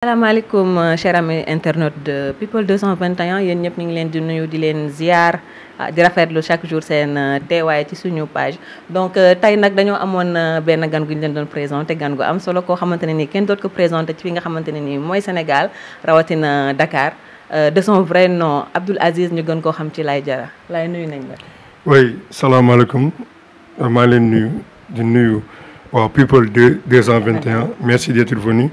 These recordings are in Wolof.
salaamaaleykum euh, cher ami internaute de people 221 yéen ñëpp ñu ngi leen di nuyu di leen ziar ah, di rafetlu chaque jour seen euh, teewaay ci suñu page donc euh, tey nag dañoo amoon benn gan gu ñu leen doon présenté gan gu am solo koo xamante ne nii kenn doot ko présenté ci fi nga xamante ne mooy Sénégal rawatina Dakar de son vrai nom Abdoul Aziz ñu gën koo xam ci Laye Diarra lay nuyu nañ la. oui salaamaaleykum maa leen nuyu di nuyu waaw people merci d'être venu.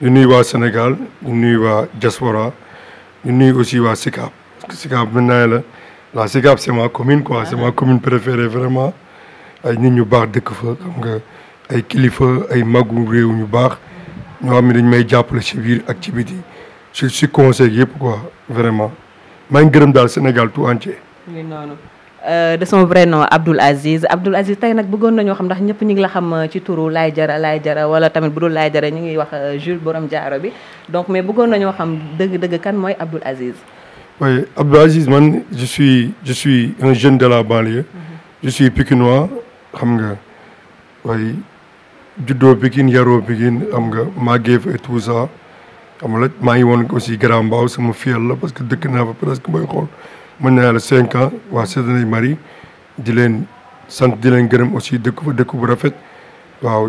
ñu nuy waa Sénégal ñu nuy waa diaspora ñu nuy aussi waa Sicap parce que Sicap naa la la Sicap c'est commune quoi c'est commune préférée vraiment ay nit ñu baax dëkk fa xam nga ay kilifa ay magu réew ñu baax ñoo xam ne dañ may jàppale ci biir ak ci biti ci ci conseil yëpp quoi vraiment maa ngi gërëm daal Sénégal tout entier. Euh, de son vrai nom Abdoul Aziz Abdoul Aziz tey nag bëggoon ñoo xam ndax ñëpp ñu ngi la xam euh, ci turu Laye Diarra Laye Diarra wala tamit bu dul lay Diarra ñu ngi wax euh, Jules Borom Jaaro bi donc mais bëggoon nañoo xam dëgg-dëgg kan mooy Abdoul Aziz. oui Abdoul Aziz man je suis je suis jeune de la banlieue. Mm-hmm. je suis xam nga waaye juddoo Pikine yaroo Pikine xam nga màggee fa et maa ngi woon aussi Grand Mbao sama fiel la parce que dëkk naa fa presque mooy xool. mën naa la cinq ans waa Cédanaye Marie di leen sant di leen gërëm aussi dëkk fa dëkk bu rafet waaw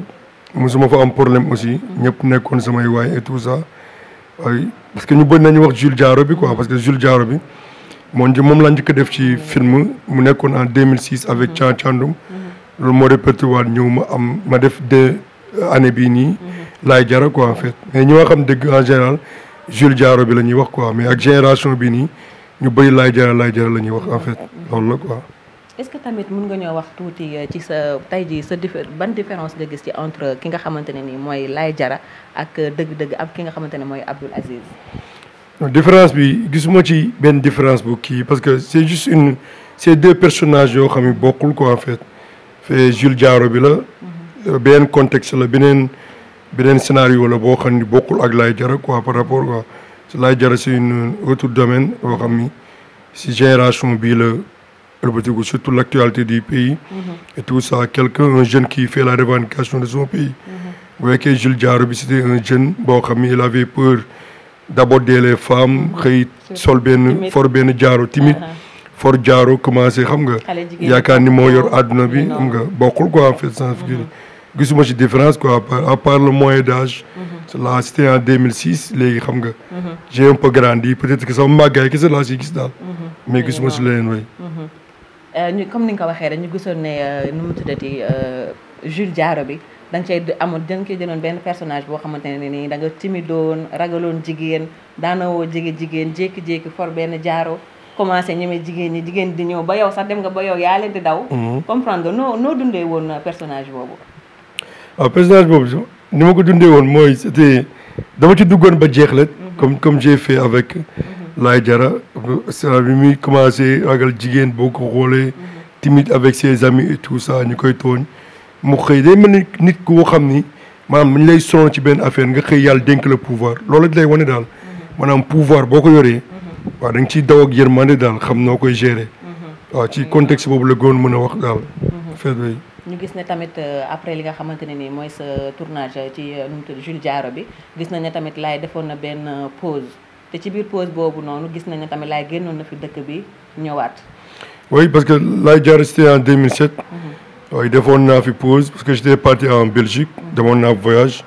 mosuma fa am problème aussi ñëpp nekkoon samay waaye et tout ça waaye parce que ñu bëri nañu wax Jules Diaro bi quoi parce que Jules Diaro bi moom ji moom laa njëkk a def ci film mu nekkoon en 2006 avec Thian Thiandoum loolu moo répertoire ñëw ma am ma def de année bii nii laay jara ko en fait mais ñi nga xam dëgg en général Jules Diaro bi la ñuy wax quoi mais ak génération bi nii ñu bëri laay jara laay jara la ñuy wax en fait na la quoi. est-ce que tamit mën nga ñoo wax tuuti euh, ci sa tey jii ban différence nga gis ci entre ki nga xamante ne nii mooy laay jara ak euh, dëgg-dëgg ak ki nga xamante ne mooy Abdoul Aziz. non différence bi gisuma ci benn différence bu kii parce que c'est juste une c'est deux personnages yoo xam ne bokkul ko en fait fait Jules Diaro bi la. Mhm. Euh, beneen contexte la beneen beneen scénario la boo xam ni bokkul ak laay jara quoi par rapport Laye Diarra c'est une autre domaine oo xam ni si génération bii la ëlbatiku surtout l'actualité du pays mm-hmm. et tout ça quelqu'un un jeune qui fait la revendication de son pays bu mm-hmm. fekkee Jules Diarra bi c'était un jeune boo xam ni il avait peur d'aborder les femmes mm-hmm. xëy sol benn for benn jaaro timide uh-huh. for jaaro commencé xam nga yaakaar ni moo yor àdduna bi xam nga bokkul quoi en fait sans figure gisuma ci différence a à part le moyen d'âge la c'était en 2006 léegi xam nga j'ai un peu grandi peut-être que sama màggaay kese laa si gis mais gisuma si leneen way euh, ñu comme ni nga ko ne euh, nu mu tuddati euh, Jules Diaro bi da nga cay amoon da nga cay jëloon benn personnage boo xamante ne nii da nga timidoon ragaloon jigéen daanawoo jege jigéen jékki-jékki for benn jaaro commencé ñemee jigéen di ñëw ba yow sax dem nga ba yow yaa leen daw mm-hmm. comprendre nga noo noo woon personnage boobu waaw personnage boobu ni ma ko dundee woon mooy c'était dama ci duggoon ba jeex la mhm. comme comme j'ai fait avec mhm. Laye jara ça bi muy commencé ragal jigéen boo ko xoolee mhm. timide avec ses amis ñu koy tooñ mu xëy day mel ni nit ku xam ni maanaam dañu lay sonn ci benn affaire nga xëy yàlla dénk la pouvoir loolu lay wane daal maanaam pouvoir boo ko yoree waaw da nga ciy daw ak yërmande daal xam noo koy gérer waaw ci contexte boobu la goon mën a wax daal affaire bi ñu gis ne tamit euh, après li nga xamante ne ni mooy sa tournage ci euh, nu mu bi gis nañ ne tamit laay defoon na benn euh, pause te ci biir pause boobu noonu gis nañ ne tamit laay génnoon na fi dëkk bi ñëwaat. oui parce que Laye Diaro c'était en 2007. waaye mhm. defoon naa fi pause parce que j'étais parti en Belgique. Mhm. demoon naa voyage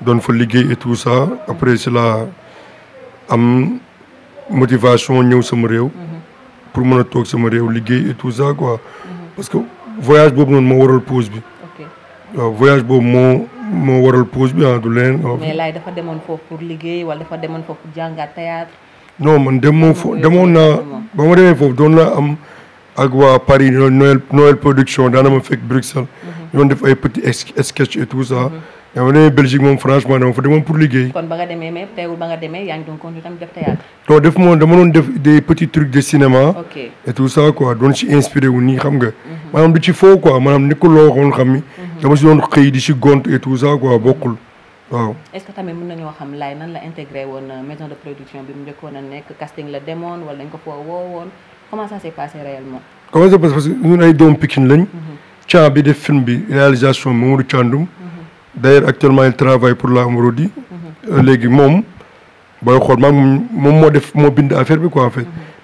doon fa liggéey et tout ça mhm. après cela am motivation ñëw sama réew. pour mën a toog sama réew liggéey et tout ça parce que voyage boobu noonu moo waral pause bi. waaw voyage boobu moo moo waral pause bi ah du leen. mais Laye dafa demoon foofu pour liggéey wala dafa demoon foofu jàngaat théâtre. non man demoo fo demoon naa ba ma demee foofu doon naa am ak waa Paris Noël Noël production daana ma fekk Bruxelles. Mhm. ñu doon def ay petits sketch et tout yaa ma demee Belgique moom franchement dama fa demoon pour liggéey. kon ba demee mais teewul ba nga demee yaa ngi doon continuer tamit def théâtre. non def moom dama doon def des petits trucs de cinéma. et tout ça quoi doon ci inspiré wu nii xam nga. Mhm. maanaam du ci foo quoi maanaam ni ko loo waxoon xam ni. Mhm. dama si doon xëy di ci gont et tout ça quoi bokkul waaw. est-ce que tamit mën nañoo xam laay nan la intégré woon euh, maison de production bi mu njëkkoon a nekk casting la demoon wala dañ ko foo woo woon comment mhm. bi def film bi réalisation Mamadou Thiandoum. d'ailleurs actuellement il travaille pour la Morodi euh, léegi moom booy xool maa moom moo def moo bind affaire bi ko en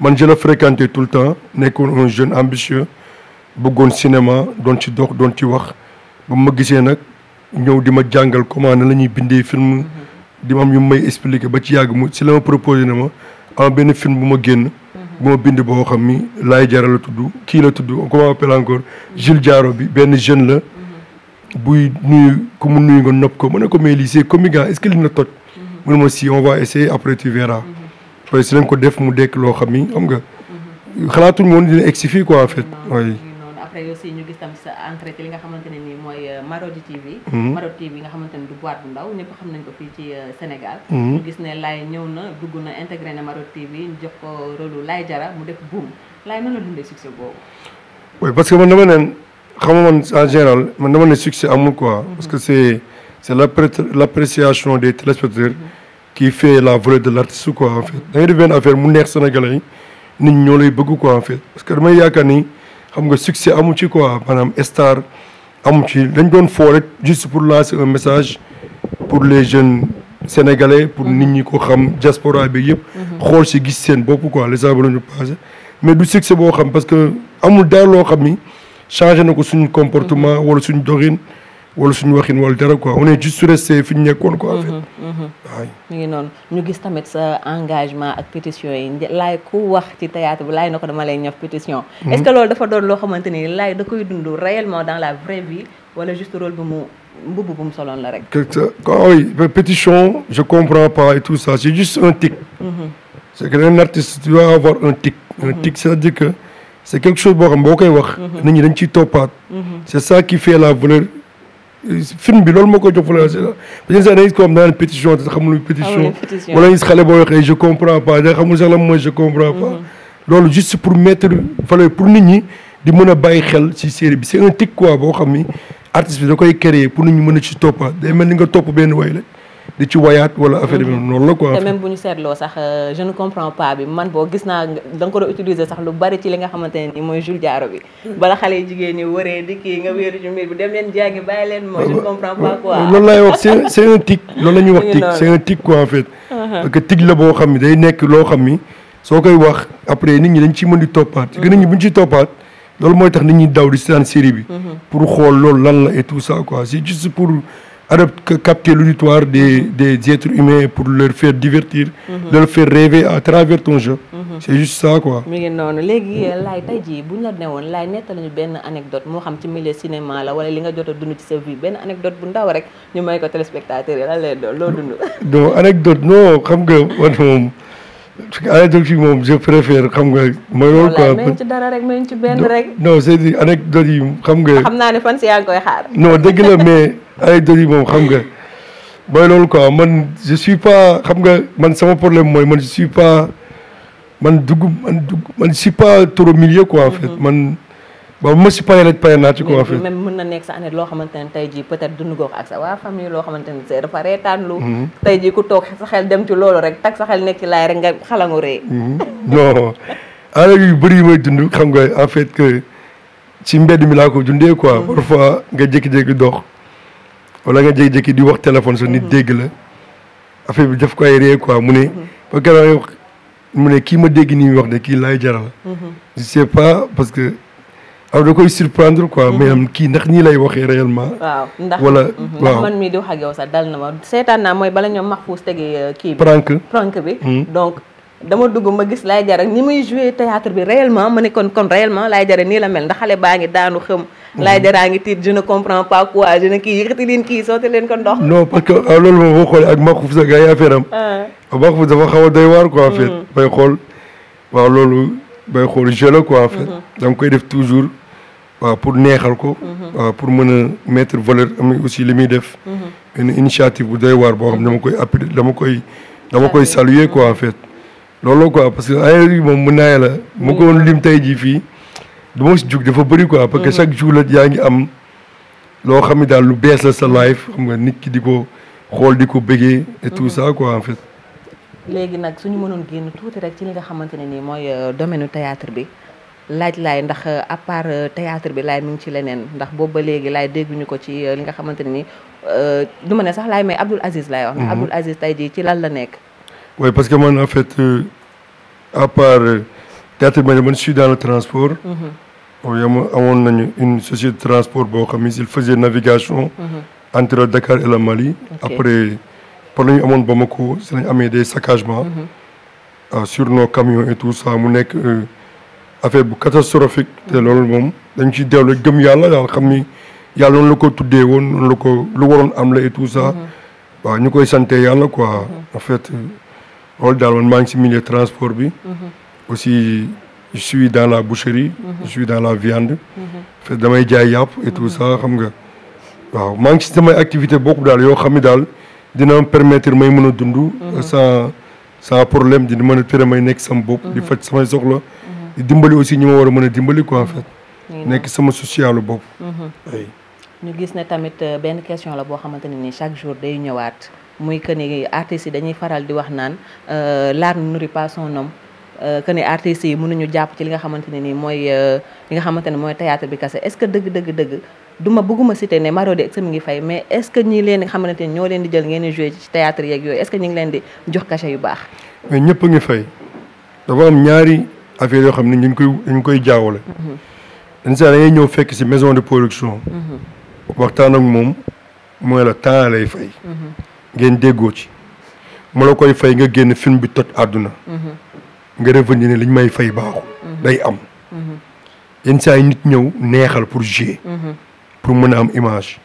man je fréquenter fréquenté tout le temps nekkoon un jeune ambitieux bëggoon cinéma doon ci dox doon ci wax ba ma gisee nag ñëw di ma jàngal comment na la ñuy bindee film di ma am yu may expliquer ba ci yàgg mu si la ma proposé na ma am benn film bu ma génn bu ma bind boo xam ni laay jaral la tudd kii la tudd comment appelle encore bi benn jeune la buy nuyu ku mu nuyu nga nopp ko mu ne ko mais lii c'est comique est-ce que li na toj. Mhm. Mhm. mu dekk loo xam ni xam nga. xalaatuñ woon si fii quoi en fait. li nga xamante ne nii mooy euh, Marodi TV. Mhm. Marodi TV nga xamante du boîte bu ndaw ñëpp xam nañ ko fii ci euh, Sénégal. ñu gis ne Laye ñëw na dugg na intégré na Marodi TV ñu jox ko rôle Laye Jara mu def boom Laye nan la dundee succès boobu. parce que man dama neen xam nga man en général man dama ne succès amul quoi mm-hmm. parce que c'est c'est l'appréciation des téléspectateurs mm-hmm. qui fait la volée de l'artiste quoi en fait da ngay def benn affaire mu neex sénégalais yi nit ñoo lay bëgg quoi en fait parce que damay yaakaar ni xam nga succès amu ci quoi maanaam star amu ci dañ doon foo rek juste pour lancer un message pour les jeunes sénégalais pour mm-hmm. nit ñi ko xam diaspora bi yëpp xool si gis seen bopp quoi les abalañu passé mais du succès boo xam parce que amul dara loo xam ni changé na ko suñu comportement mhm. wala suñu doxin wala suñu waxin wala dara quoi on est juste resté fi ñu nekkoon quoi. Mhm, mhm. ngi noonu ñu gis tamit sa engagement ak pétition yi laay ku wax ci théâtre bi laay na ko dama lay ñëw pétition. est-ce que loolu dafa doon loo xamante ni laay da koy dund réellement dans la vraie vie wala juste rôle bu mu mbubb bu mu soloon la rek. quelque je comprends pas et tout ça c'est un tic. c'est que un artiste doit avoir un tic. un tic cest dire que. c' est quelque chose boo xam boo koy wax. Mhm. nit ñi dañ ciy toppaat. Mhm. c' est ça qui fait la valeur euh, film bi loolu moo koy jox valeur a parce que da ngay gis ko am naan pétition te xamul pétition. Ah xale boo waxee je comprends pas da xamul sax la mooy je comprends pas. Mhm. loolu juste pour mettre valeur pour nit ñi di mën a bàyyi xel ci série bi un tic quoi boo xam ni artiste bi da koy créer pour nit ñi mën a ci toppaat day mel ni nga topp benn way la di ci woyaat wala affaire bi mhm. noonu la quoi. te bu ñu seetloo sax euh, je comprends pas bi man boo gis naa da ko doon utiliser sax lu bari ci li nga xamante ne nii mooy Jules Diaro bi. bala xale yi jigéen waree di kii nga wéeru bi dem leen jàngi bàyyi leen mooy je comprends pas quoi. Euh, loolu laay la ñuy wax uh-huh. boo xam ni day nekk loo xam ni soo koy wax après nit ñi dañ ciy mën di toppaat. parce que nit ñi uh-huh. bu ñu ciy toppaat. loolu mooy tax nit ñi daw di seetaan série bi. Uh-huh. pour xool loolu la et capter l'auditoire des, des êtres humains pour leur faire divertir. Mhm. de leur faire rêver à travers ton jeu. Mhm. léegi euh, laay bu ñu la newoon laay nettal ñu benn anecdote moo xam ci milieu cinéma la wala li nga jot a dund ci sa vie benn anecdote bu ndaw rek ñu may ko téléspectateur yi lan lay doon loo dund. anecdote non xam nga man moom. anecdote yi moom je préfère xam nga. mooy loolu quoi voilà ci dara rek ci c'est-à-dire anecdote yi xam nga. xam naa ne fan si yaa ngi koy xaar. non dëgg la mais yi moom xam nga mooy loolu quoi man je suis pas xam nga man sama problème mooy man je suis pas man dugg man dugg man je suis pas trop milieu quoi en fait mm-hmm. man. ba bu ma si paree rek pare naa ci koo xam. même mën na nekk sa année loo xamante ne tey jii dund ko ak sa waa famille loo xamante ne c'est dafa reetaan lu. Mm-hmm. tey jii ku toog sa xel dem ci loolu rek tag sa xel nekk ci laay rek nga xalangu ree. Mm-hmm. non année yu bëri yu may dund xam nga en fait que si mbedd mi laa ko dundee quoi. Mm-hmm. parfois nga jékki-jékki dox wala nga jékki-jékki di wax téléphone sa nit dégg la affaire bi daf koy ree quoi mu ne. ba keroog mu ne kii ma dégg nii wax kii laay jaral. aw da koy surprendre quoi mhm. mais am kii ndax nii lay waxee réellement. Mhm. waaw ndax man mii di wax ak yow sax dal na ma seetaan naa mooy bala ñoom Mahfouz tege euh, kii bi. prank prank bi. Mhm. donc dama dugg ma gis Laye Diarra ni muy joué théâtre bi réellement ma ne kon kon réellement Laye Diarra nii la mel ndax xale baa ngi daanu xëm. Laye Diarra ngi tiit je ne comprends pas quoi je ne kii yëkkati leen kii sotti leen ko ndox. non parce que ah, loolu moom boo xoolee ak Mahfouz ak ay affaire am. Ah. Mahfouz dafa xaw a doy waar quoi. affaire bay xool jeu la quoi en fait mhm. da nga koy def toujours waaw pour neexal ko mhm. waaw pour mën a mettre valeur am aussi li muy def une mhm. initiative bu doy waar boo xam dama koy appuyer dama koy dama koy saluer quoi en fait loolu quoi parce que ailleurs yi moom mën naa la ma ko woon lim tey jii fii du ma si jug dafa bëri quoi parce que chaque jour la yaa ngi am loo xam ne daal lu bees la sa life xam nga nit ki di ko xool di ko bëggee et tout ça quoi en fait léegi nag suñu mënoon génn tuuti rek ci li nga xamante ne nii mooy euh, domaine théâtre bi laaj laay ndax euh, à part euh, théâtre bi laay mu ngi ci leneen ndax boobu ba léegi laay dégguñu ko ci li nga xamante ne nii du ma ne sax laay may Abdoul Aziz laay wax. Mhm. Abdoul Aziz tey jii ci lan la nekk. oui parce que man en fait à part théâtre bi man je suis dans le transport. yama mhm. amoon nañu une société transport boo xam ne il faisait navigation. Mhm. entre Dakar et le Mali. après. problème yi amoon Bamako si lañ amee des saccagements mm-hmm. euh, sur nos camions et tout ça mu euh, nekk affaire bu catastrophique te mm-hmm. loolu moom dañ ciy dellu gëm yàlla daal xam ni yàlla noonu la ko tuddee woon noonu ko lu waroon am la et tout ça mm-hmm. waaw ñu koy sante yàlla quoi en fait euh, loolu daal man maa ngi si milieu transport bi aussi je suis dans la boucherie je suis dans la viande fait damay jaay yàpp et tout ça xam nga waaw maa ngi si samay activité bokku daal yoo xam ni daal dina am permettre may mën a dund. Mhm. sans sans problème di mën a tere may nekk sama bopp. di mhm. faj samay soxla. Mhm. di dimbali aussi ñi ma war a mën a dimbali ko en fait. nekk sama socialu bopp. ñu gis ne tamit euh, benn question la boo xamante ne ni chaque jour day ñëwaat muy que ni artistes yi dañuy faral di wax naan euh, l'art ne nourrit pas son homme euh, que ni artistes yi mënuñu jàpp ci li nga xamante ne ni mooy li nga xamante ne mooy théâtre bi kese est-ce que dëgg dëgg dëgg. duma bëgguma cité ne Marodi ak mi ngi fay mais est ce que ñi leen xamante ni ñoo leen di jël ngeen di joué ci théâtre yooyu est ce leen di jox cachet yu baax. mais ñëpp ngi fay dafa am ñaari affaire yoo xam ne ñu ngi koy koy jaawale. Mhm. dañ saa da ngay ñëw fekk si maison de production. Mhm. waxtaan ak moom mooy la temps lay fay. Mhm. ngeen déggoo ci. ma la koy fay nga génn film bi tot àdduna. nga revenir ne liñ may fay baaxul. day am. yenn saa yi nit ñëw neexal pour jouer. pour mën a am image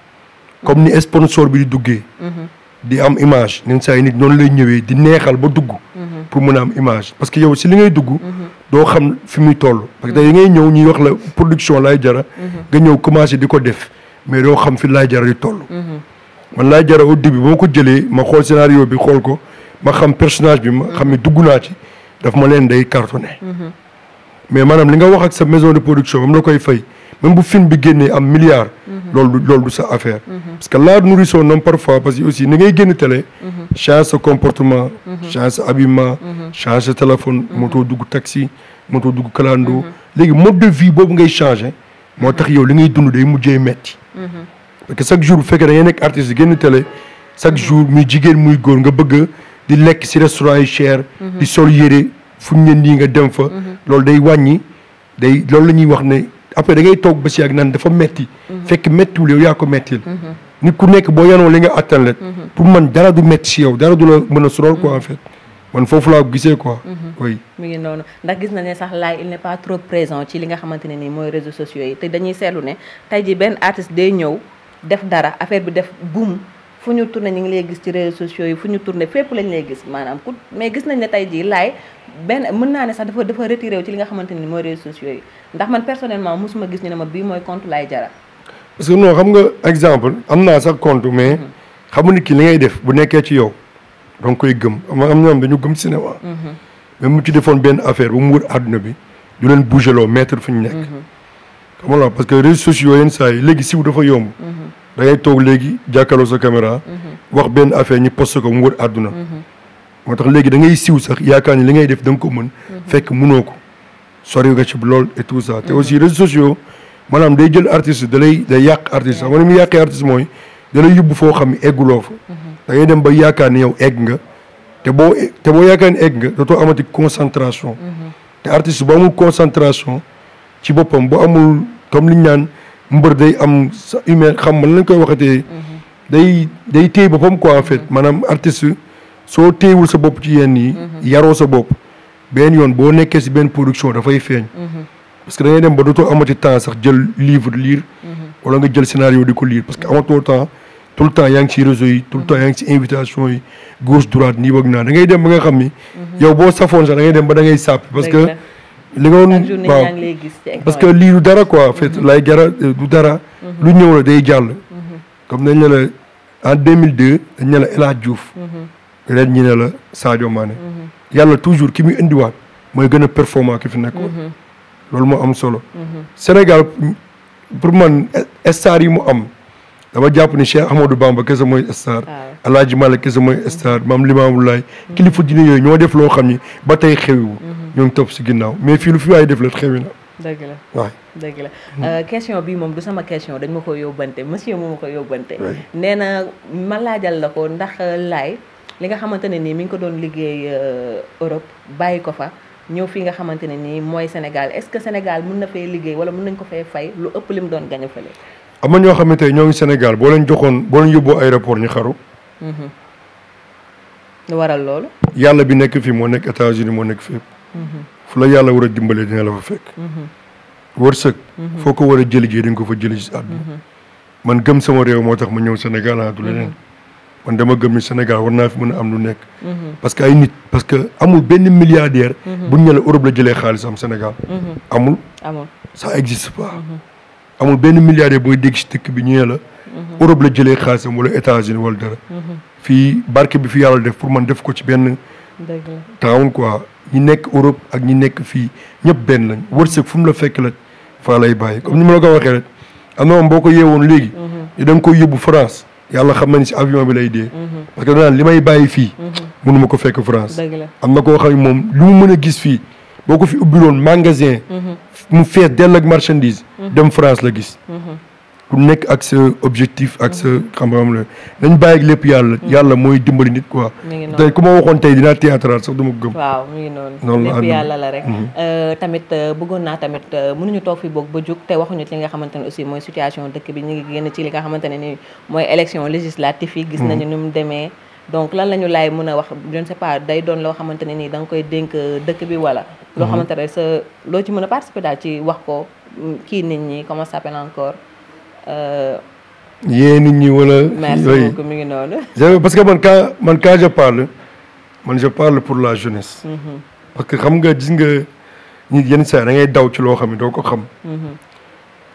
comme ni sponsor bi di duggee. Mhm. di am image nen saa yi nit noonu lay ñëwee di neexal ba dugg. Mhm. pour mën a am image parce que yow si li ngay dugg. Mhm. doo xam fi muy toll. parce que tey ngay ñëw ñuy wax la production laay jara. nga ñëw commencé di ko def mais doo xam fi laay jara di toll. man laay jara au début boo ko jëlee ma xool scénario bi xool ko ma xam personnage bi ma xam ne dugg naa ci daf ma leen day cartonné. mais maanaam li nga wax ak sa maison production moom la koy fay même bu film bi génnee am milliard. loolu du loolu du sa affaire. Mhm. parce que là nourrit son homme parfois parce que aussi ni ngay génn télé. Mhm. change comportement. Mhm. change sa habillement. téléphone. moto dugg taxi moto dugg kalandoo. léegi mode de vie boobu ngay changé moo tax yow li ngay dund day mujjee metti parce que chaque jour bu fekkee da nekk artiste génn télé chaque jour muy jigéen muy góor nga bëgg di lekk si restaurant yi cher. di sol yére fu ñu leen nga dem fa. loolu day wàññi day loolu la ñuy wax ne. après da ngay toog ba si ak nan dafa metti mhm. fekk méttiwul yow yaa ko mettil mhm. nit ku nekk boo yanoo li nga attan la mhm. pour man dara du métti si yow dara du la mën a sonal quoi en fait man foofu laa gisee quoi. oui mi ngi noonu ndax gis na ne sax laay il n'est pas trop présent ci li nga xamante ne nii mooy réseaux sociaux yi te dañuy seetlu ne tey ji benn artiste day ñëw def dara affaire bi def buum fu ñu tourné ñu ngi lay gis ci réseaux sociaux yi fu ñu tourné fépp lañ lay gis maanaam ku mais gis nañ ne tey jii laay benn mën naa ne sax dafa dafa retiré wu ci li nga xamante ni mooy réseaux sociaux yi ndax man personnellement mosuma gis ñu ne ma bii mooy compte laay jara parce que non xam nga exemple am naa sax compte mais mhm. xamu ni kii li ngay def bu nekkee ci yow donc koy gëm am am ñoom dañu gëm cinéma mais mhm. mu ci defoon benn affaire ba mu wër àdduna bi du leen bouger loo mettre fu ñu nekk mhm. xam nga parce que réseaux sociaux yenn saa yi léegi siw dafa yomb da ngay toog léegi jàkkaarloo sa caméra. Mhm. wax benn affaire ñi poste ko mu wër àdduna. Mhm. moo tax léegi da ngay siw sax yaakaar ni li ngay def da nga ko mën. Mhm. fekk munoo ko sori nga ci lool et tout ça te aussi réseaux sociaux maanaam day jël artiste da lay day yàq artiste xam ni mu yàqee artiste mooy da lay yóbbu foo xam ne egguloo fa. da ngay dem ba yaakaar ni yow egg nga te boo e, te boo yaakaar ni egg nga dootoo amati concentration. te artiste boo amul concentration ci boppam boo amul comme liñ naan. mbër day am sa humain xam man lañ koy waxatee. Mhm. day day téye boppam quoi en fait mhm. maanaam artiste soo téyewul sa bopp ci yenn mhm. yaroo sa bopp benn yoon boo nekkee si benn production dafay feeñ. parce que da ngay dem ba dootoo amati temps sax jël livre lire. wala nga jël scénario di ko lire parce que amatoo temps tout temps yaa ngi ci réseau yi temps yaa ngi ci invitation yi droite nii bëgg naa da ngay dem ba nga xam ni. yow boo safoon sax da ngay dem ba da ngay sàpp parce que. li nga woon parce que lii du dara quoi fait mhm. lay gara euh, du dara mhm. lu ñëw la day jàll mhm. comme nañ ne la en 2002 dañ ne la El Hadj Diouf ren ñi ne la Sadio Mané yàlla toujours ki muy indiwaat mooy gën a performant ki fi nekkoon loolu moo am solo Sénégal pour man e-, star yi mu am dama jàpp ni Cheikh Ahmadou Bamba kese mooy star El ah Hadj Malick kese mooy star maam Limamou Laye kilifa dina yooyu ñoo def loo xam ni ba tey xewiwu ñoo ngi topp si ginnaaw mais fii lu fi waaye def la xewi na. dëgg la euh, question bii moom du sama question dañ ma ko yóbbante monsieur moo ma ko yóbbante. nee na ma laajal la ko ndax euh, laay li nga xamante ne nii mi ngi ko doon liggéey euh, Europe bàyyi ko fa ñëw fii nga xamante ne nii mooy Sénégal est-ce que Sénégal mun na fee liggéey wala mun nañ ko fee fay lu ëpp li mu doon gañ a fële. am na ñoo xamante ne ñoo ngi Sénégal boo leen joxoon boo leen yóbboo aéroport ñu xaru. Mm-hmm. waral loolu. yàlla bi nekk fii moo nekk États-Unis moo nekk fépp. fu la yàlla war a dimbalee dina la fa fekk. wërsëg. Mhm. foo ko war a jëli jii di nga ko fa jëli si àdduna. Mhm. man gëm sama réew moo tax ma ñëw Sénégal ah du mhm. leneen. man dama gëm ni Sénégal war naa fi mën am lu nekk. parce que ay nit parce que amul benn milliardaire. bu ñu la Europe la jëlee xaalis am Sénégal. amul amul ça existe pas. amul benn milliardaire booy dégg si dëkk bi ñu ne la. Europe la jëlee wala États-Unis wala dara. fii barke bi fi yàlla def pour man def ko ci benn. taawun quoi ñi nekk Europe ak ñi nekk fii ñëpp benn lañ wërsëg fu mu la fekk la faa lay bàyyi kom ni ma la ko waxee rek am na moom boo ko yeewoon léegi mhm. da nga koy yóbbu France yàlla xam na ni si avion bi lay dee mhm. parce que danaan li may bàyyi fii mhm. mënu ma ko fekk France am na koo xam ne moom lu mu mën a gis fii boo ko fi ubbiloon magasin mu fees dell ak marchandise dem France la gis ku nekk ak sa objectif ak sa xam-xam la nañ bàyyi lépp yàlla mm. yàlla mooy dimbali nit quoi tey ku ma waxoon tey dinaa théâtral sax du gëm waaw mu ngi noonu noonu lépp yàlla la rek mm-hmm. euh, tamit euh, bëggoon naa tamit euh, mënuñu toog fi boog ba jug te waxuñu li nga xamante ne aussi mooy situation dëkk bi ñu ngi génn ci li nga xamante ne ni mooy élection législative yi gis mm-hmm. nañu ni mu demee donc lan la ñu laay mën a wax je ne sais pas day doon loo xamante ne nii danga koy dénk dëkk bi wala mm-hmm. loo xamante ne sa loo ci mën a participer daal ci wax ko mm, kii nit ñi comment ça s'appelle encore Euh, yee nit ñi wala. mi ngi noonu. parce que man ka man quand je parle man je parle pour la jeunesse. Mm-hmm. parce que xam nga gis nga ñi yenn saa da ngay daw ci loo xam ne doo ko xam. Mm-hmm.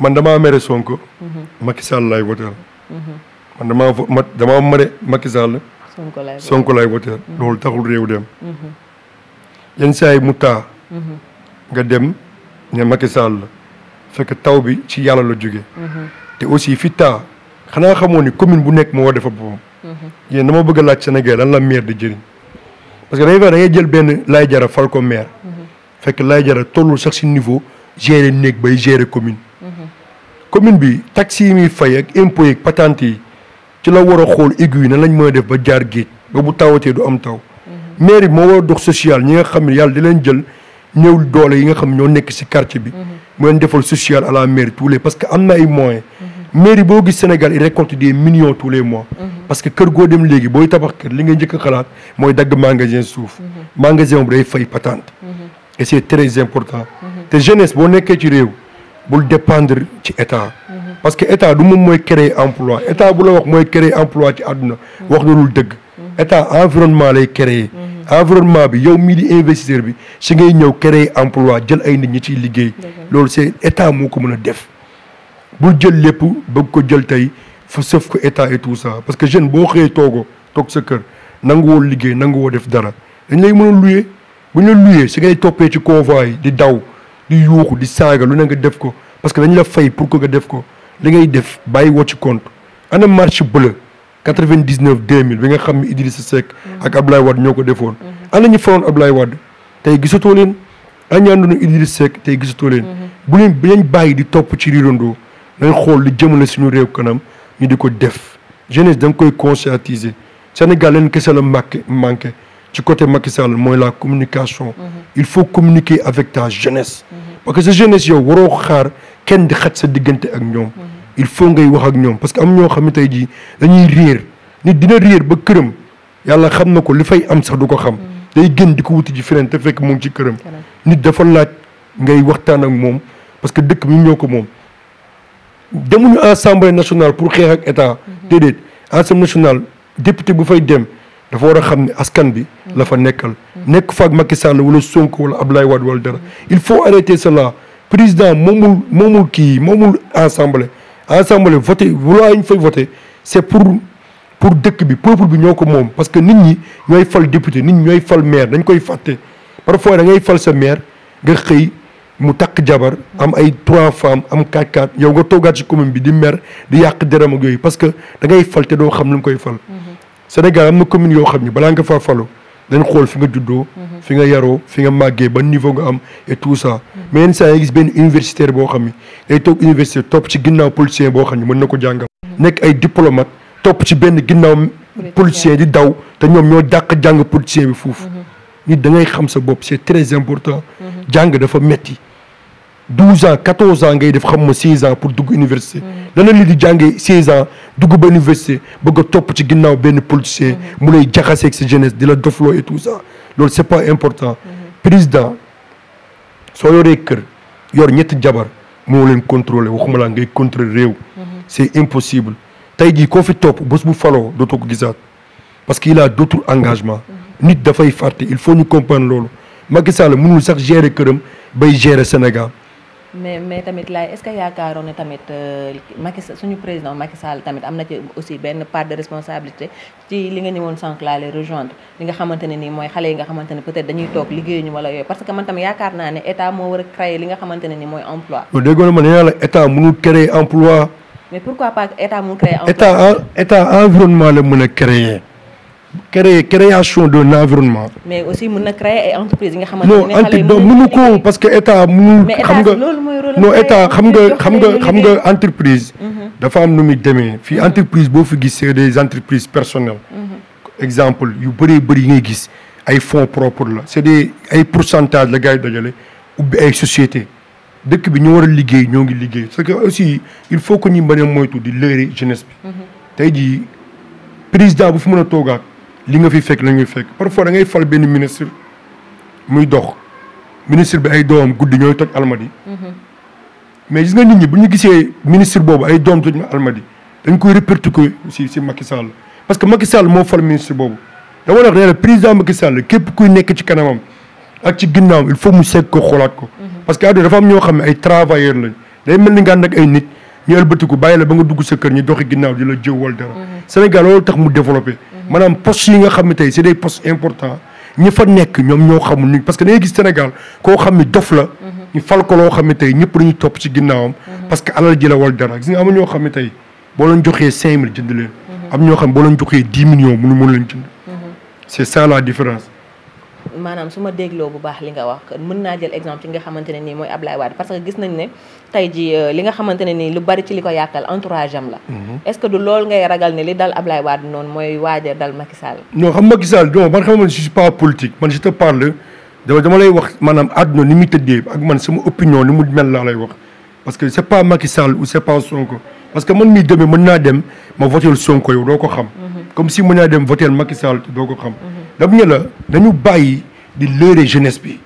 man dama mere Sonko. Mm-hmm. Macky Sall laay man damaa fo ma damaa mere Macky Sall. Sonko laay woteel loolu taxul réew dem. yenn saa yi nga dem ne Macky fekk taw bi ci yàlla la jóge te aussi fi temps xanaa xamoo ni commune bu nekk moo war defar boppam. Mhm. yéen dama bëgg laaj Sénégal lan la maire di jëriñ parce que dañuy fexe da jël benn Laye Diarra fal ko maire. Mhm. fekk Laye Diarra tollul sax si niveau gérer néeg bay gérer commune. Mhm. commune bi taxi yi muy fay ak impôts yeeg patente yi ci la war a xool yi nan lañ mooy def ba jaar géej ba bu tawatee du am taw. maire bi moo war a dox social ñi nga xam ne yàlla di leen jël ñëw doole yi nga xam ñoo nekk si quartier bi. mu leen defal la mairie tous parce que am na ay mairie boo gis Sénégal i récolte des millions tous les mois. Mhm. parce que kër goo dem léegi booy tabax kër li ngay jëkk a xalaat mooy dagg magasin suuf. Mhm. magasin bu day fay patente. Mhm. et c' est très important. te jeunesse boo nekkee ci réew bul dépendre ci état. parce que état du moom mooy créer emploi état bu la wax mooy créer emploi ci àdduna. wax na dëgg. état environnement lay créer. environnement bi yow mii di investisseur bi si ngay ñëw créer emploi jël ay nit ñi ciy liggéey. loolu est état moo ko mën a def. bul jël lépp bëgg ko jël tey fa sëf ko état et tout parce que jeune boo xëyee toogoo toog sa kër nanguwoo liggéey nanguwoo def dara dañ lay mën a luyee bu ñu la luyee si ngay toppee ci convoi yi di daw di yuuxu di saaga lu ne nga def ko parce que dañ la fay pour ko nga def ko li ngay def bàyyi woo ci compte ana marche bleue 99 2000 bi nga xam ne Idrissa Seck ak Abdoulaye Wade ñoo ko defoon mhm. ana ñu fawoon Abdoulaye Wade tey gisatoo leen ana ñu àndoon Idrissa Seck tey gisatoo leen mhm. bu bu leen bàyyi di topp ci riirandoo nañ xool lu jëmale suñu réew kanam ñu di ko def jeunesse da nga koy conscientiser Sénégal leen kese la manqué manqué ci côté Macky Sall mooy la communication mhm. il faut communiquer avec ta jeunesse mhm. parce que sa jeunesse yow waroo xaar kenn di xaj sa diggante ak ñoom mhm. il faut ngay wax ak ñoom parce que am ñoo xam ne tey jii dañuy réer nit dina réer ba këram yàlla xam na ko li fay am sax du ko xam day gën di ko wuti ji feneen te fekk mu ngi ci këram nit dafa laaj ngay waxtaan ak moom parce que dëkk bi ñoo ko moom demuñu assemblée nationale pour xeex ak état déedéet assemblée nationale député bu fay dem dafa war a xam ne askan bi la fa nekkal nekk faak Macky Sall wala Sonko wala Abdoulaye Wade wala dara il faut arrêter cela président moomul moomul kii moomul assemblée assemblée voté loi yi ñu fay voté c'est pour pour dëkk bi peuple bi ñoo ko moom parce que nit ñi ñooy fal député nit ñi ñooy fal maire dañ koy fàtte parfois da ngay fal sa maire nga xëy mu takk jabar am ay trois femmes am quatre quatre yow nga toogaat ci commune bi di mer di yàq deram ak yooyu parce que da ngay fal te doo xam lu mu koy fal. Mm-hmm. Sénégal am na commune yoo xam ni balaa nga faa falu dañ xool fi nga juddoo. Mm-hmm. fi nga yaroo fi nga màggee ba niveau nga am et tout ça. Mm-hmm. mais yenn saa yi gis benn universitaire boo xam ni day toog université topp ci ginnaaw politicien boo xam ni mën na ko jàngal. nekk ay diplomate topp ci benn ginnaaw. politicien di daw te ñoom ñoo dàq jàng politicien bi foofu. nit dangay ngay xam sa bopp c'est très important. jàng dafa metti 12 ans 14 ans ngay def xam ma 16 ans pour dugg université dana li di jàngee 16 ans dugg ba université bëgg a topp ci ginnaaw benn politicien mu lay jaxaseeg sa jeunesse di la dofloo et tout ça lool c'est pas important président soo yoree kër yor ñetti jabar moo leen contrôler waxuma laa ngay contrôler réew c'est impossible tey jii koo fi topp bés bu faloo dootoo ko gisaat parce que il a d'autres engagements nit dafay fàtte il faut ñu comprendre loolu Macky Sall mënul sax gérer këram bay gérer Sénégal mais mais tamit laay est-ce que yaakaaroon ne tamit euh, Macky suñu président Macky Sall tamit am na ci aussi benn part de responsabilité ci li nga ñëwoon sànq laa lay rejoindre li nga xamante ne nii mooy xale yi nga xamante ne peut-être dañuy toog liggéeyuñu wala yooyu parce que man tam yaakaar naa ne état moo war créer li nga xamante ne nii mooy emploi. bu déggoon ma nee la état mënul créer emploi. mais pourquoi pas état mënul créer emploi. état état a créer. créer création d'un environnement. mais aussi yi nga xamante ne xale yi non mënu ko parce que état mënul. xam nga non état xam nga xam nga xam nga entreprise. Mhm. dafa am nu muy demee fii mhm. entreprise boo fi gis c'est des entreprises personnelles. Mhm. exemple yu bëree bëri yi ngay gis ay fonds propres la c'est des ay pourcentage la gars yi dajale ubbi ay sociétés dëkk bi ñu war a liggéey ñoo ngi liggéey parce que aussi il faut que ñu mën mooy moytu di leere jeunesse bi. tey jii président bu fi mën a toogaat. li nga fi fekk la ñuy fekk parfois da ngay fal benn ministre muy dox ministre bi ay doom guddi ñooy toj almadi mhm. mais gis nga nit ñi bu ñu gisee ministre boobu ay doom toj almadi dañ koy répercuter si si Macky Sall parce que Macky Sall moo fal ministre boobu dama wax ne la président Macky Sall képp kuy nekk ci kanamam ak ci ginnaaw il faut mu seet ko xoolaat ko mhm. parce que adduna dafa am ñoo xam ne ay travailleurs lañ day mel ni nga ànd ak ay nit ñu ëlbatiku bàyyi la ba nga dugg sa kër ñu doxi ginnaaw di jëw wal dara mhm. Sénégal loolu tax mu développé mhm. maanaam poste yi nga xam ne tey c'est des postes importants ñi fa nekk ñoom ñoo xamul ni parce que da ngay gis Sénégal koo xam ne dof la mhm. ñu fal xam ne tey ñëpp ñu topp ci ginnaawam parce que alal ji la wal dara gis nga am ñoo xam ne tey boo leen joxee cinq mille jënd leen am ñoo xam ne boo leen joxee dix millions mënu mën jënd c'est ça la différence maanaam su ma dégloo bu baax li nga wax mën naa jël exemple ci nga xamante nii mooy Ablaye Wade parce que gis nañ ne tey ji euh, li nga xamante nii lu bari ci li ko yàqal entourage la mhm. est-ce que du loolu ngay ragal ne li dal Ablaye Wade noonu mooy waaja dal Macky Sall xam Macky Sall xam man mii demee mën naa dem ma votel Sonko yow doo ko xam mhm. comme si mën naa dem votel Macky doo ko xam mhm. dam ne la dañu bàyyi di lëre jeunesse bi.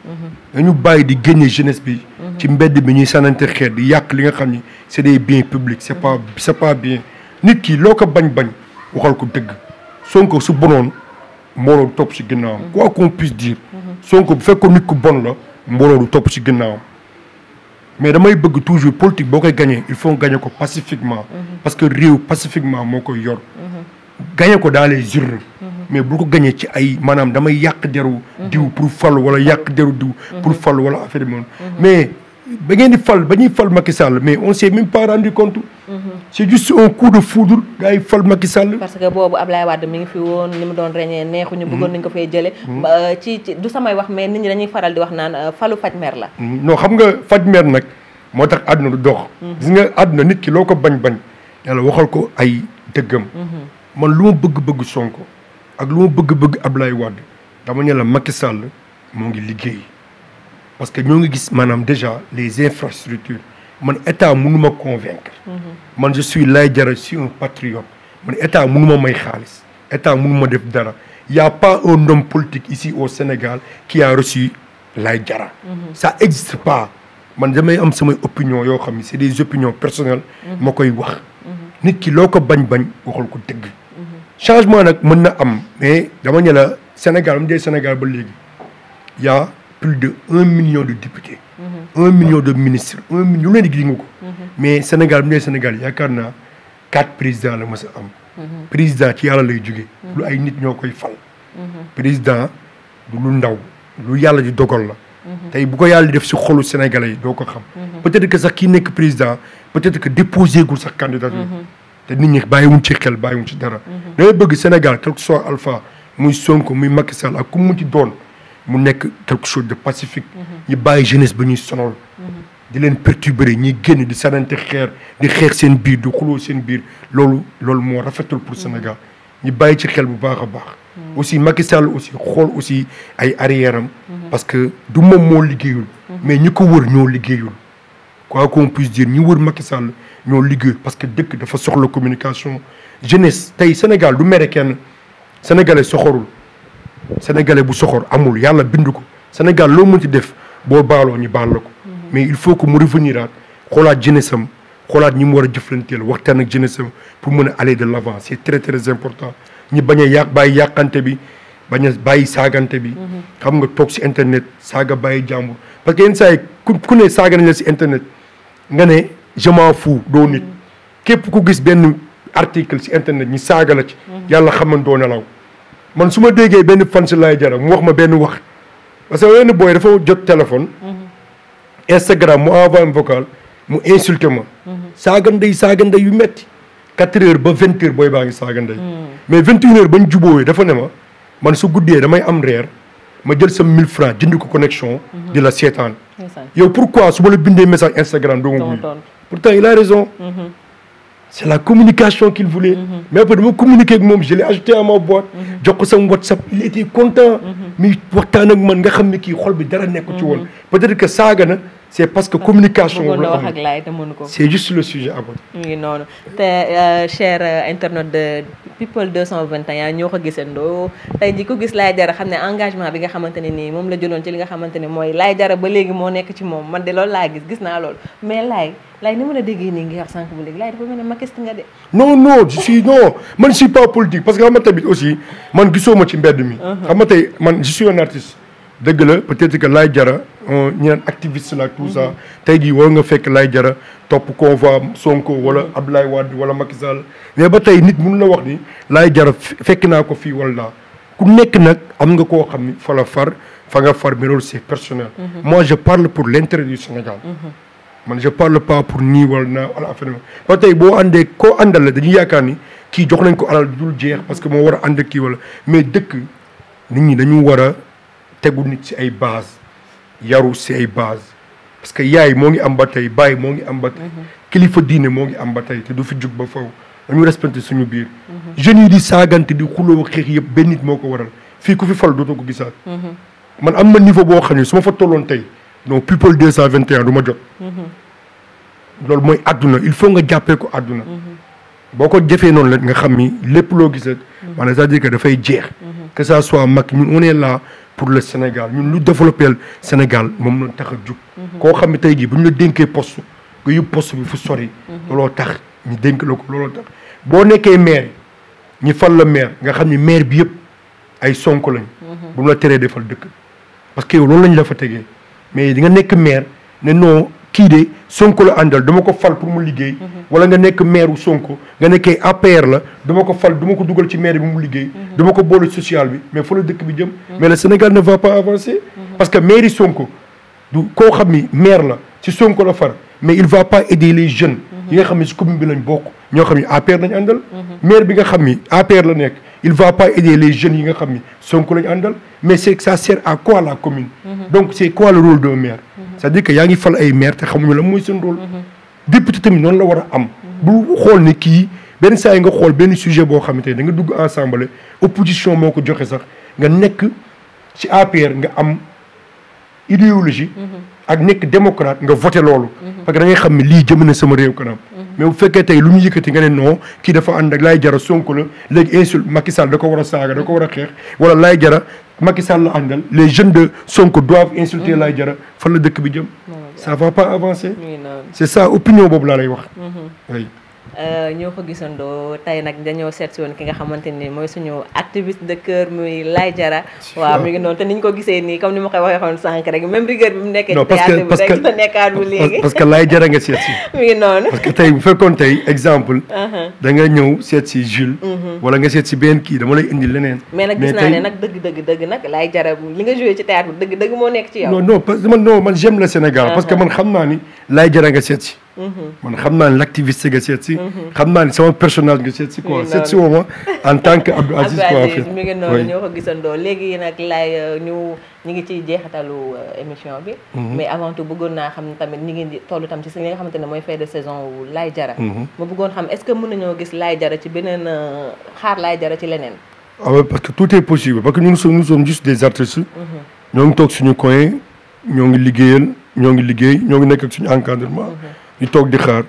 dañu mhm. bàyyi di génne jeunesse bi. Mhm. ci mbedd bi ñuy sanante xeet di yàq li nga xam ni c' est des biens publics c' est mhm. pas bien nit ki loo ko bañ bañ waxal ko dëgg Sonko su bonoon mbooloo du topp si ginnaawam. quoi qu'on puisse dire. Sonko bu fekkoon nit ku bon la mbooloo du topp si ginnaawam. mais damay bëgg toujours politique boo koy gañee il faut gagné ko pacifiquement. parce que réew pacifiquement moo koy yor. gañe ko dans les urnes. Mhm. mais bu ko gañee ci ay maanaam damay yàq deru mhm. diw pour fal wala yàq deru diw mhm. pour fal wala affaire mais ba ngeen di fal ba ñuy fal Macky Sall mais on s'est même pas rendu compte. c' est juste un coup de foudre gars fal Macky Sall. parce que boobu Ablaye Wade mi ngi fi woon ni mu doon reñee neexuñu. bëggoon nañu ko fay jëlee. Euh, ci ci du samay wax mais nit ñi dañuy faral di wax naan euh, falu faj mer la. Mm, non xam nga faj mer nag moo tax àdduna du dox. gis nga àdduna nit ki loo ko bañ bañ yàlla waxal ko ay dëggam. man lu ma bëgg-bëgg Sonko ak lu ma bëgg-bëgg Ablaye Wade dama ne la Macky Sall moo ngi liggéey parce que ñoo ngi gis maanaam déjà les infrastructures man état mënu ma convaincre. Mhm. man je suis Laye Diarra je suis un patriote man état mënu ma may xaalis état mënu ma def dara y' a pas un homme politique ici au Sénégal ki a reçu Laye Diarra. Mhm. ça existe pas man damay am samay opinion yoo xam ni c' est des opinions personnelles. Mhm. ma koy wax. nit ki looko bañ bañ waxal ko dëgg. changement nag mën na am mais dama ne la Sénégal mu dee Sénégal ba léegi y a plus de un million de députés. Mm-hmm. un million de ministres un million lu ne mm-hmm. mais Sénégal mu dee Sénégal yaakaar naa quatre présidents la mës am. Mm-hmm. président ci yàlla lay jóge lu ay nit ñoo koy fal. président lu ndaw lu yàlla di dogal la. tey bu ko def si xolu Sénégalais yi doo ko xam. peut-être que sax kii nekk président peut-être que déposé gul sax candidature. te nit ñi bàyyiwuñ ci xel bàyyiwuñ ci dara. Mhm. da bëgg Sénégal quelque soit alpha muy Sonko muy Macky Sall ak ku mu ci doon mu nekk quelque chose de pacifique. Mhm. ñu bàyyi jeunesse ba ñuy sonal. Mhm. di leen perturber ñi génn di sanante xeer di xeex seen biir di xuloo seen biir loolu loolu moo rafetul pour Sénégal ñu bàyyi ci xel bu baax a baax. aussi Macky Sall aussi xool aussi ay arrière parce que du moom moo liggéeyul. mais ñi ko wër ñoo liggéeyul. quoi qu'on puisse dire ñi wër Macky Sall ñoo liggéey parce que dëkk dafa soxla communication jeunesse tey Sénégal du mere kenn sénégalais soxorul sénégalais bu soxor amul yàlla bind ko Sénégal loo mën ci def boo baaloo ñu baal la ko. Mhm. mais il faut que mu revenir aat xoolaat jeunesse am xoolaat ñi mu war a jëflanteel waxtaan ak jeunesse am pour mën a aller de l' avant c' est très très important ñi bañ yàq bàyyi yàqante bi. bañ a bàyyi saagante bi. Mhm. xam nga toog si internet saaga bàyyi jàmbur parce que yenn saa yi ku si internet. nga ne je m'en fous doo nit képp ku gis benn article si internet ñi saaga la ci mhm. yàlla xaman doo nelaw man su ma déggee benn fan si laay jara mu wax ma benn wax parce que benn booy dafa jot téléphone mhm. Instagram mu envoyé un vocal mu insulté ma mhm. saaga ndey saaga ndey yu metti quatre heures ba vingt heures booy baa ngi saaga ndey mais vingt une heures bañ jubóowee dafa ne ma man su guddee damay am reer ma jël sa 1000 francs jënd ko connexion. Mhm. di la seetaan. yow pourquoi su ma la bindee message Instagram doo ma wuyu. pourtant il a raison. Mhm. c' est la communication qu'il voulait. Mhm. mais après dama communiquer ak moom je l'ai ajouté à ma boîte. jox ko sam WhatsApp il était content. mi waxtaan ak man nga xam ne kii xol bi dara nekk ci woon peut-être que saaga na. c' est parce que communication. bëggoon wax ak laay ko. c' est juste le sujet amoon. mu ngi noonu te euh, cher euh, internaute de people 221 ñoo ko gisandoo tey jii ku gis Laye Diarra xam ne engagement bi nga xamante ne nii moom la jëloon ci li nga xamante ne mooy Laye Diarra ba léegi moo nekk ci moom man de loolu laa gis gis naa loolu mais Laye Laye ni ma la déggee nii nga wax sànq bu léegi Laye dafa mel ne makist nga de. non non je suis man je pas politique parce que xam nga tamit aussi man gisoo ma ci mbedd mi. Uh-huh. xam nga man je dëgg la peut-être que Laye Diarra ñu naan activiste la tout tey jii war nga fekk Laye Diarra topp convoi Sonko wala Abdoulaye Wade wala Macky Sall mais ba tey nit mun na wax ni Laye Diarra fekk naa ko fii wala laa ku nekk nag am nga koo xam ni fa far fa nga far mais loolu personnel. Mhm. moi je parle pour l'intérêt du Sénégal. Mhm. man je parle pas pour nii wala naa wala affaire ba tey boo àndee koo àndal dañuy yaakaar ni kii jox nañ ko alal dul jeex parce que moo war a ànd ak kii wala mais dëkk nit ñi dañu war a. tegu nit ci ay base yaru ci ay base parce que yaay moo ngi am ba tey baay moo ngi am ba tey mhm. kilifa diine moo ngi am ba tey te du fi jug ba faw dañu respecté suñu biir mhm. jeunes yi di saagante di xuloo xeex yëpp benn nit moo ko waral fii ku fi fal dootoo ko gisaat mhm. man am na niveau boo xam ne su ma fa tolloon tey non people deux a vingt et un du ma jot loolu mooy àdduna il faut nga jàppee ko àdduna boo ko jëfee noonu la nga xam ni lépp loo gis rek maanaam cest que ça soit mag ñun on est pour le Sénégal ñun lu développé Sénégal moom la tax a jug. Mhm. koo xam ne tey jii bu ñu la dénkee poste nga yóbbu poste bi fu sori. Mhm. looloo tax ñu dénk la ko looloo tax boo nekkee maire ñi fal la maire nga xam ni maire bi yëpp ay sonk lañ. Mhm. bu mu la teree defal dëkk parce que yow loolu lañ la fa tegee mais di nga nekk maire ne non. kii de Sonko la àndal dama ko fal pour mu liggéey. Mhm. wala nga nekk mair maire Sonko nga nekkee APR la dama ko fal duma ko dugal ci maire bi mu liggéey. Mhm. dama ko boole social bi mais fa la dëkk bi jëm. Mhm. mais le Sénégal ne va pas avancer. parce que maire Sonko du koo xam ni maire la ci Sonko la far mais il va pas aider les jeunes. yi nga xam ne si commune bi lañ bokk ñoo xam ni APR lañ àndal. maire bi nga xam ni APR la nekk. il va pas aider les jeunes yi nga xam ni Sonko la ñu àndal mais c'est que ça sert à quoi la commune mm-hmm. donc c'est quoi le rôle d'un maire mm-hmm. cest dire que yaa ngi fal ay maire te xamuñu la mooy seen rôle mm-hmm. député tamit noonu la war a am bu xool ne kii benn saa yi nga xool benn sujet boo xamante ne da nga dugg ensemble opposition moo ko joxe sax nga nekk ci APR nga am idéologie ak nekk démocrate nga voté loolu parce que da ngay xam ne lii jëm sama réew kanam mais bu fekkee tey lu ñu yëkkati nga ne non kii dafa ànd ak Laye Diarra Sonko la léegi insulte Macky Sall ko war a saaga da ko war a xeex wala Laye Diarra Macky Sall la àndal les jeunes de Sonko doivent insulter lay jara fan la dëkk bi jëm mm. ça va pas avancer c'est ça opinion boobu laa lay wax mm-hmm. Euh, ñoo ko gisandoo tey nag dañoo seet si woon ki nga xamante ni mooy suñu activiste de cœur muy Laye Diarra waaw mi ngi noonu te niñ ko gisee nii comme ni ma koy waxee xoon sànq rek même rigueur bi mu nekkee ci théâtre bi rek la nekkaat bu léegi nga seet si mi uh-huh. ñëw seet Jules mm-hmm. wala nga seet si benn kii dama lay indi leneen mais nag gis naa ne nag dëgg dëgg dëgg nag Laye Diarra li nga joué ci théâtre bi dëgg dëgg moo nekk ci yow non non parce que man non man j'aime le Sénégal uh-huh. parce que man xam naa ni Laye Diarra nga seet Mm-hmm. man xam naa ne l' activiste nga seet si. Mm-hmm. xam naa ne sama personnage nga seet si quoi seet si woo ma en tant que Abdou Aziz. quoi en fait mi ngi noonu ñoo ko gisandoo léegi nag laay euh, ñu ñu ngi ci jeexatalu euh, émission bi. Mm-hmm. mais avant tout bëggoon naa xam tamit ñi ngi toll tam ci si li nga xamante ne mooy fin de saison wu Laye Diarra. ma bëggoon xam est ce que mën nañoo gis Laye Diarra ci beneen euh, xaar Laye Diarra ci leneen. waaw ah parce que tout est possible parce que ñun sommes nous sommes juste des artistes. ñoo ngi toog suñu coin ñoo ngi liggéeyal ñoo ngi liggéey ñoo ngi nekk ak suñu encadrement. ñu toog di xaar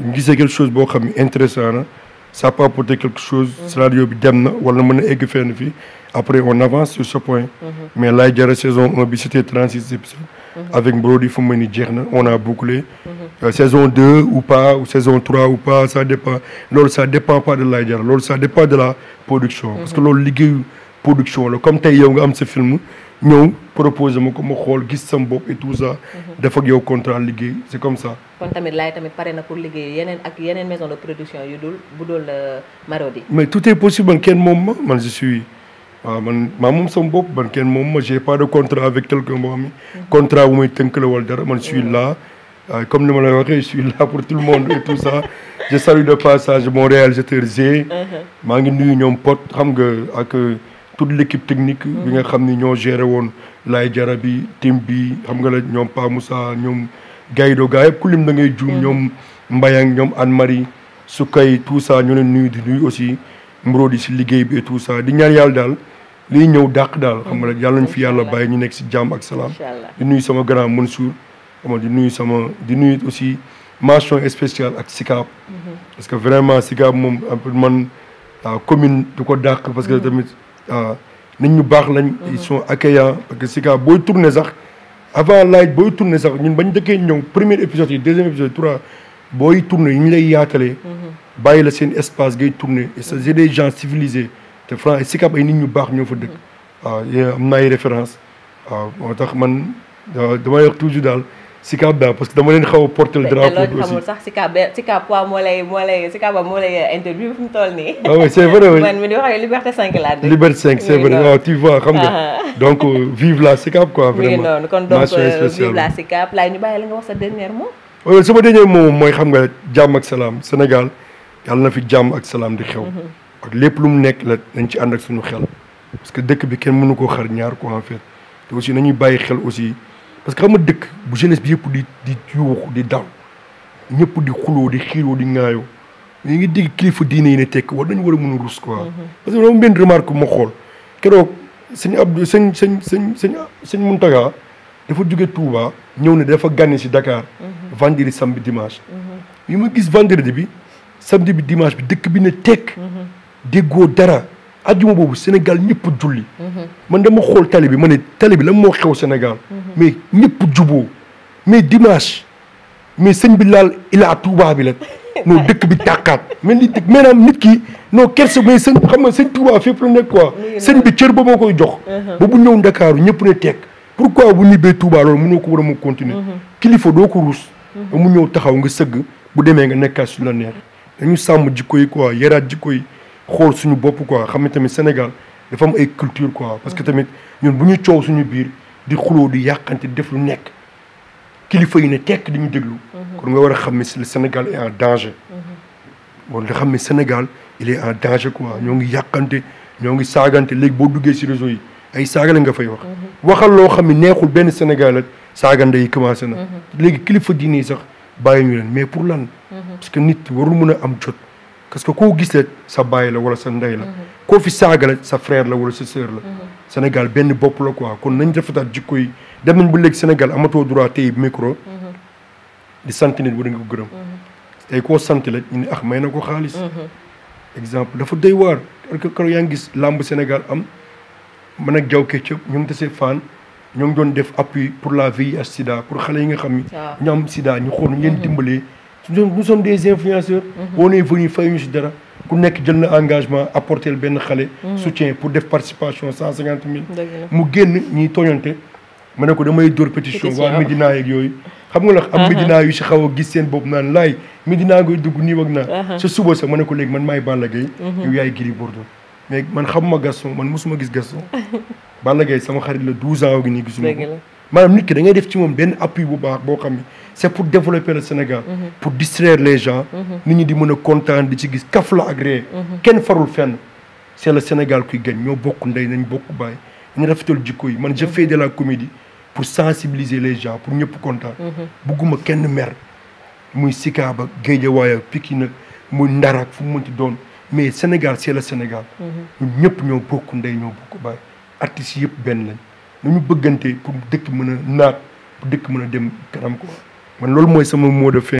ñu gisee quelque chose boo xam ne intéressant na ça peut apporter quelque chose mm-hmm. scénario bi dem na wala mën na egg fenn fii après on avance sur ce point mm-hmm. mais Laye Diarra saison 1 bi c'était 36 épisodes mm-hmm. avec Brody fu mu ni jeex na on a bouclé euh, saison 2 ou pas ou saison 3 ou pas ça dépend loolu ça dépend pas de Laye Diarra loolu ça dépend de la production parce que loolu liggéeyu production la comme tey yow nga am sa film ñëw proposé ma ko ma xool gis sam bopp et tout ça. Mhm. def ak yow contrat liggéey c' comme ça. tamit laay tamit pare na pour liggéey yeneen maison de production yu dul euh, Marodi. mais tout est possible man kenn moom ma man je suis waaw man maa moom sam bopp man kenn moom ma j'ai pas de contrat avec quelqu'un boo mhm. contrat bu may tënk la dara man suis mhm. là comme ni ma la waxee je suis pour tout le monde et tout ça je salue de passage mon réalisateur G. maa ngi nuyu ñoom pot nga ak. toute l' équipe technique. bi nga xam ni ñoo géré woon laay jara bi tim bi xam nga la ñoom Pa Moussa ñoom Gaydo gaa yëpp ku lim da ngay juum ñoom Mbayang ñoom Anne Marie su kay tout ça ñu leen nuyu di nuyu aussi di si liggéey bi et tout ça di ñaan yàlla daal liy ñëw dàq daal xam nga la yàlla nañu fi yàlla bàyyi ñu nekk si jàmm ak salaam. di nuyu sama grand Mansour xam nga di nuyu sama di nuyu aussi mention spéciale ak SICAP. Mm-hmm. parce que vraiment SICAP moom man commune du ko dàq parce que mm-hmm. tamit. Euh, nit ñu baax lañ. Mhm. ils sont accueillants parce que Sika booy tourné sax avant laaj booy tourné sax ñun bañ dëkkee ñëw premier épisode yi deuxième épisode trois booy tourné yi ñu lay yaatalee. Mhm. bàyyi la seen espace ngay tourné sa c'est des gens civilisés te franc Sika ay nit ñu baax ñu fa dëkk. waaw mhm. ah, am na ay ah, moo tax man ah, damay toujours daal. Sika Ba parce que dama leen xaw a porter le drapeau. aussi xamul sax Sika Ba Sika Ba moo lay moo lay Sika Ba moo lay interview fi mu toll nii. ah oui Liberté 5 laa dégg. Liberté ah, ah. euh, vive la Sicap quoi. vraiment noonu euh, la nga wax sa dernier mot. Euh, sama dernier mot mooy xam ak salaam Sénégal yàlla na fi jàmm ak salaam di xew. Mhm. ak lépp lu mu nekk la nañ ci ànd ak suñu xel. parce que dëkk bi kenn mënu koo xar ñaar quoi en fait te aussi nañuy bàyyi xel aussi. parce que xam dëkk bu jeunesse bi yëpp di di yuux di dal ñëpp di xuloo di xiiroo di ŋaayoo ñu ngi dégg kilifa diine yi tekk war nañu war a mën a rus quoi. Mm-hmm. parce que dama benn remarque bu ma xool keroog sëñ Abdou sëñ sëñ sëñ sëñ sëñ Mountaga dafa ne dafa gànne si Dakar. Mm-hmm. vendredi dimanche. yi mm-hmm. ma gis vendredi bi samedi dimanche bi dëkk bi ne tekk déggoo dara. ajjuma boobu Sénégal ñëpp julli. man dama xool tali bi ma ne tali bi lan moo xew Sénégal. mais ñëpp juboo mais dimanche mais sëñ bi laal ilaa Touba bi la. noo dëkk bi tàkkaat mel ni maanaam nit ki noo kersa mais sëñ xam nga sëñ Touba fépp la nekk quoi. sëñ bi cër ba moo koy jox. Uh-huh. bu ñëw Ndakaaru ñëpp ne tekk pourquoi bu ñibbee Touba loolu mënoo ko war a mu continuer. Uh-huh. kilifa doo ruus. Uh-huh. ba mu ñëw taxaw nga sëgg bu demee nga nekk su la neex. dañu sàmm jikko yi quoi yaraat jikko yi. xool suñu bopp quoi xam ne tamit Sénégal dafa am ay culture quoi parce que tamit ñun bu ñu coow suñu biir di xuloo di yàqante di def lu nekk kilifa yi ne tekk di déglu. Mhm. kon nga war a xam ne le Sénégal est en danger. bon mhm. nga xam ne Sénégal il est en danger quoi ñoo ngi yàqante ñoo ngi saagante léegi boo duggee si réseau yi ay la nga fay wax. Mhm. waxal loo xam ne neexul benn Sénégal ak saagande yi commencé na. léegi kilifa diine yi sax bàyyi ñu leen mais pour lan. parce que nit warul mën a am jot. parce que koo gis sa baay la wala sa ndey la. Mhm. koo fi saaga la sa frère la wala sa sœur la. Mhm. Sénégal benn bopp la quoi kon nañ rafetaat jikko yi dem nañ ba léegi Sénégal amatoo droit tey micro. Mhm. di sant nit wala nga ko gërëm. sant la ñu ah, may na ko xaalis. exemple dafa doy waar kër yaa ngi gis làmb Sénégal am man ak Diaw Ketchup ñu ngi tasee Fann ñoo ngi doon def appui pour la VIH sida pour xale yi nga xam ni. ñu am sida ñu xool ñu leen dimbalee. nous sommes des influenceurs. Mhm. on est venu fay ñu si dara. ku nekk jël mhm. pour def participation cent cinquante mille. mu génn ñiy tooñante. ma ne ko damay dóor pétition waa Medina yeeg yooyu. la am Medina yu si xaw a gis seen bopp naan laay Medina ngay dugg nii ak naa. ma ne ko léegi man maay Balla Gaye. Mhm. yow yaay Gris Bordeaux. mais man xamuma Gaston gis Gaston. Balla Gaye sama xarit la douze ans ak nii gisuma ko. maanaam nit ki da ngay def ci moom benn appui bu baax boo xam ne. c'est pour développer le Sénégal. pour distraire les gens. nit ñi di mën a kontaan di ci gis kaf la agréé. kenn farul fenn c'est le Sénégal kuy gañ ñoo bokk ndey nañ bokk baay ñu rafetal jikko yi man je mhm. fais de la comédie pour sensibiliser les gens pour ñëpp kontaan. Mhm. bugguma kenn mer muy Sikaab ak Géejawaay ak Pikine nag muy Ndar fu mu mënti doon mais Sénégal c'est le Sénégal. Mhm. ñun ñëpp ñoo bokk ndey ñoo bokk baay artistes yëpp benn lañ. nu ñu bëggante pour dëkk mën a naat pour dëkk mën a dem kanam ko man loolu mooy sama mot de fin